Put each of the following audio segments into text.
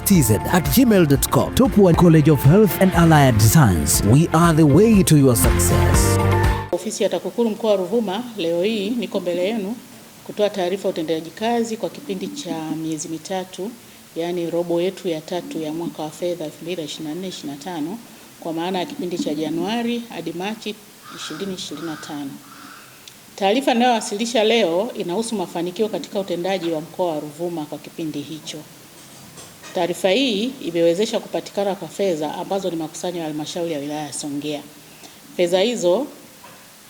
stz at gmail.com. Topwan College of Health and Allied Science, we are the way to your success. Ofisi ya TAKUKURU mkoa wa Ruvuma leo hii niko mbele yenu kutoa taarifa ya utendaji kazi kwa kipindi cha miezi mitatu, yaani robo yetu ya tatu ya mwaka wa fedha 2024/2025 kwa maana ya kipindi cha Januari hadi Machi 2025. Taarifa inayowasilisha leo inahusu mafanikio katika utendaji wa mkoa wa Ruvuma kwa kipindi hicho. Taarifa hii imewezesha kupatikana kwa fedha ambazo ni makusanyo ya halmashauri ya wilaya ya Songea. Fedha hizo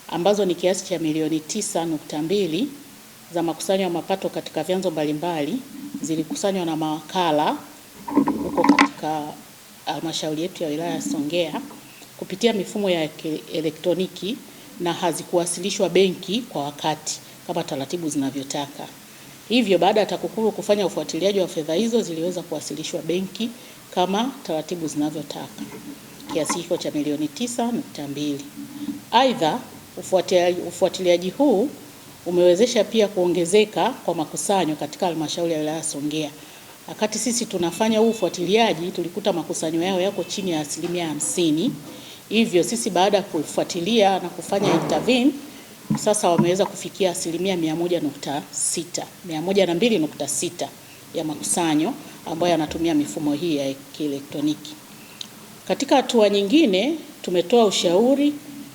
ambazo ni kiasi cha milioni tisa nukta mbili za makusanyo ya mapato katika vyanzo mbalimbali zilikusanywa na mawakala huko katika halmashauri yetu ya wilaya ya Songea kupitia mifumo ya elektroniki na hazikuwasilishwa benki kwa wakati kama taratibu zinavyotaka. Hivyo baada ya TAKUKURU kufanya ufuatiliaji wa fedha hizo ziliweza kuwasilishwa benki kama taratibu zinavyotaka kiasi hicho cha milioni 9.2. Aidha, ufuatiliaji huu umewezesha pia kuongezeka kwa makusanyo katika halmashauri ya wilaya ya Songea. Wakati sisi tunafanya huu ufuatiliaji, tulikuta makusanyo yao yako chini ya asilimia hamsini. Hivyo sisi baada ya kufuatilia na kufanya intervene sasa wameweza kufikia asilimia 100.6 102.6 ya makusanyo ambayo yanatumia mifumo hii ya kielektroniki. Katika hatua nyingine, tumetoa ushauri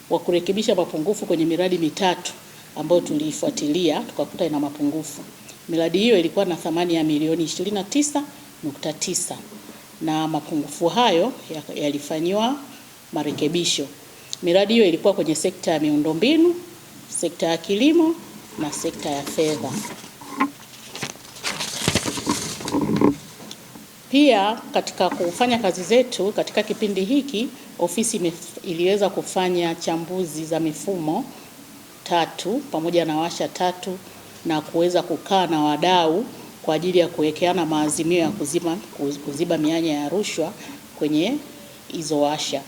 wa kurekebisha mapungufu kwenye miradi mitatu ambayo tuliifuatilia tukakuta ina mapungufu. Miradi hiyo ilikuwa na thamani ya milioni 29.9 na mapungufu hayo yalifanyiwa marekebisho. Miradi hiyo ilikuwa kwenye sekta ya miundombinu sekta ya kilimo na sekta ya fedha. Pia katika kufanya kazi zetu katika kipindi hiki, ofisi iliweza kufanya chambuzi za mifumo tatu pamoja na washa tatu na kuweza kukaa na wadau kwa ajili ya kuwekeana maazimio ya kuzima, kuziba mianya ya rushwa kwenye hizo washa.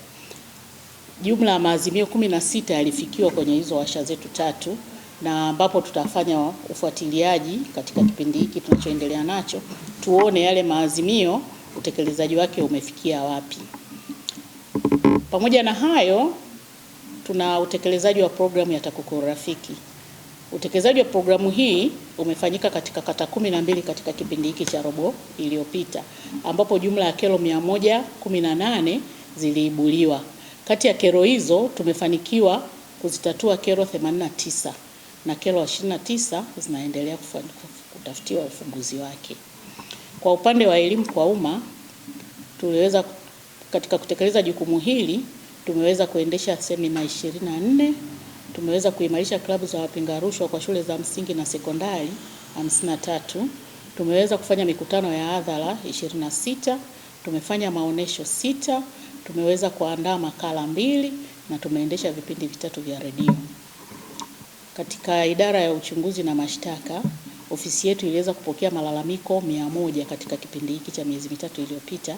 Jumla ya maazimio kumi na sita yalifikiwa kwenye hizo washa zetu tatu na ambapo tutafanya ufuatiliaji katika kipindi hiki tunachoendelea nacho, tuone yale maazimio utekelezaji wake umefikia wapi. Pamoja na hayo, tuna utekelezaji wa programu ya TAKUKURU Rafiki. Utekelezaji wa programu hii umefanyika katika kata kumi na mbili katika kipindi hiki cha robo iliyopita, ambapo jumla ya kero 118 ziliibuliwa. Kati ya kero hizo tumefanikiwa kuzitatua kero 89 na kero 29 zinaendelea kutafutiwa ufunguzi wake. Kwa upande wa elimu kwa umma, tuliweza katika kutekeleza jukumu hili, tumeweza kuendesha semina 24, tumeweza kuimarisha klabu za wapinga rushwa kwa shule za msingi na sekondari 53, tumeweza kufanya mikutano ya hadhara 26, tumefanya maonesho sita Tumeweza kuandaa makala mbili na tumeendesha vipindi vitatu vya redio. Katika idara ya uchunguzi na mashtaka, ofisi yetu iliweza kupokea malalamiko mia moja katika kipindi hiki cha miezi mitatu iliyopita,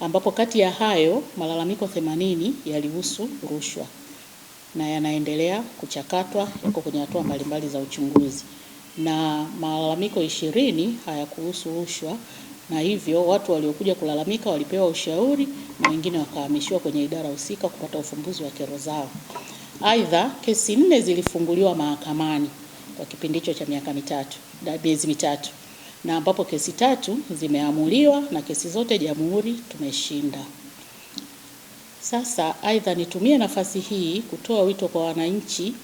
ambapo kati ya hayo malalamiko 80 yalihusu rushwa na yanaendelea kuchakatwa, yako kwenye hatua mbalimbali za uchunguzi, na malalamiko ishirini hayakuhusu rushwa na hivyo watu waliokuja kulalamika walipewa ushauri na wengine wakahamishiwa kwenye idara husika kupata ufumbuzi wa kero zao. Aidha, kesi nne zilifunguliwa mahakamani kwa kipindi hicho cha miaka mitatu na miezi mitatu, na ambapo kesi tatu zimeamuliwa na kesi zote jamhuri tumeshinda. Sasa aidha, nitumie nafasi hii kutoa wito kwa wananchi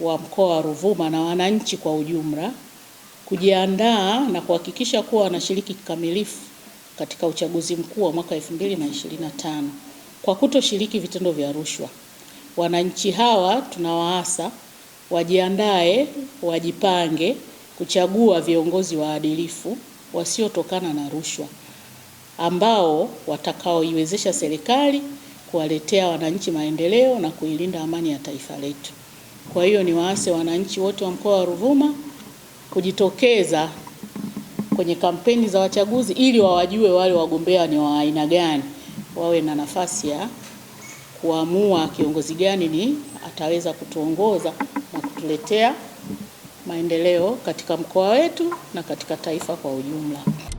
wa mkoa wa Ruvuma na wananchi kwa ujumla kujiandaa na kuhakikisha kuwa wanashiriki kikamilifu katika uchaguzi mkuu wa mwaka 2025 kwa kutoshiriki vitendo vya rushwa. Wananchi hawa tunawaasa wajiandae, wajipange kuchagua viongozi waadilifu wasiotokana na rushwa ambao watakaoiwezesha serikali kuwaletea wananchi maendeleo na kuilinda amani ya taifa letu. Kwa hiyo ni waase wananchi wote wa mkoa wa Ruvuma kujitokeza kwenye kampeni za wachaguzi ili wawajue wale wagombea ni wa aina gani, wawe na nafasi ya kuamua kiongozi gani ni ataweza kutuongoza na kutuletea maendeleo katika mkoa wetu na katika taifa kwa ujumla.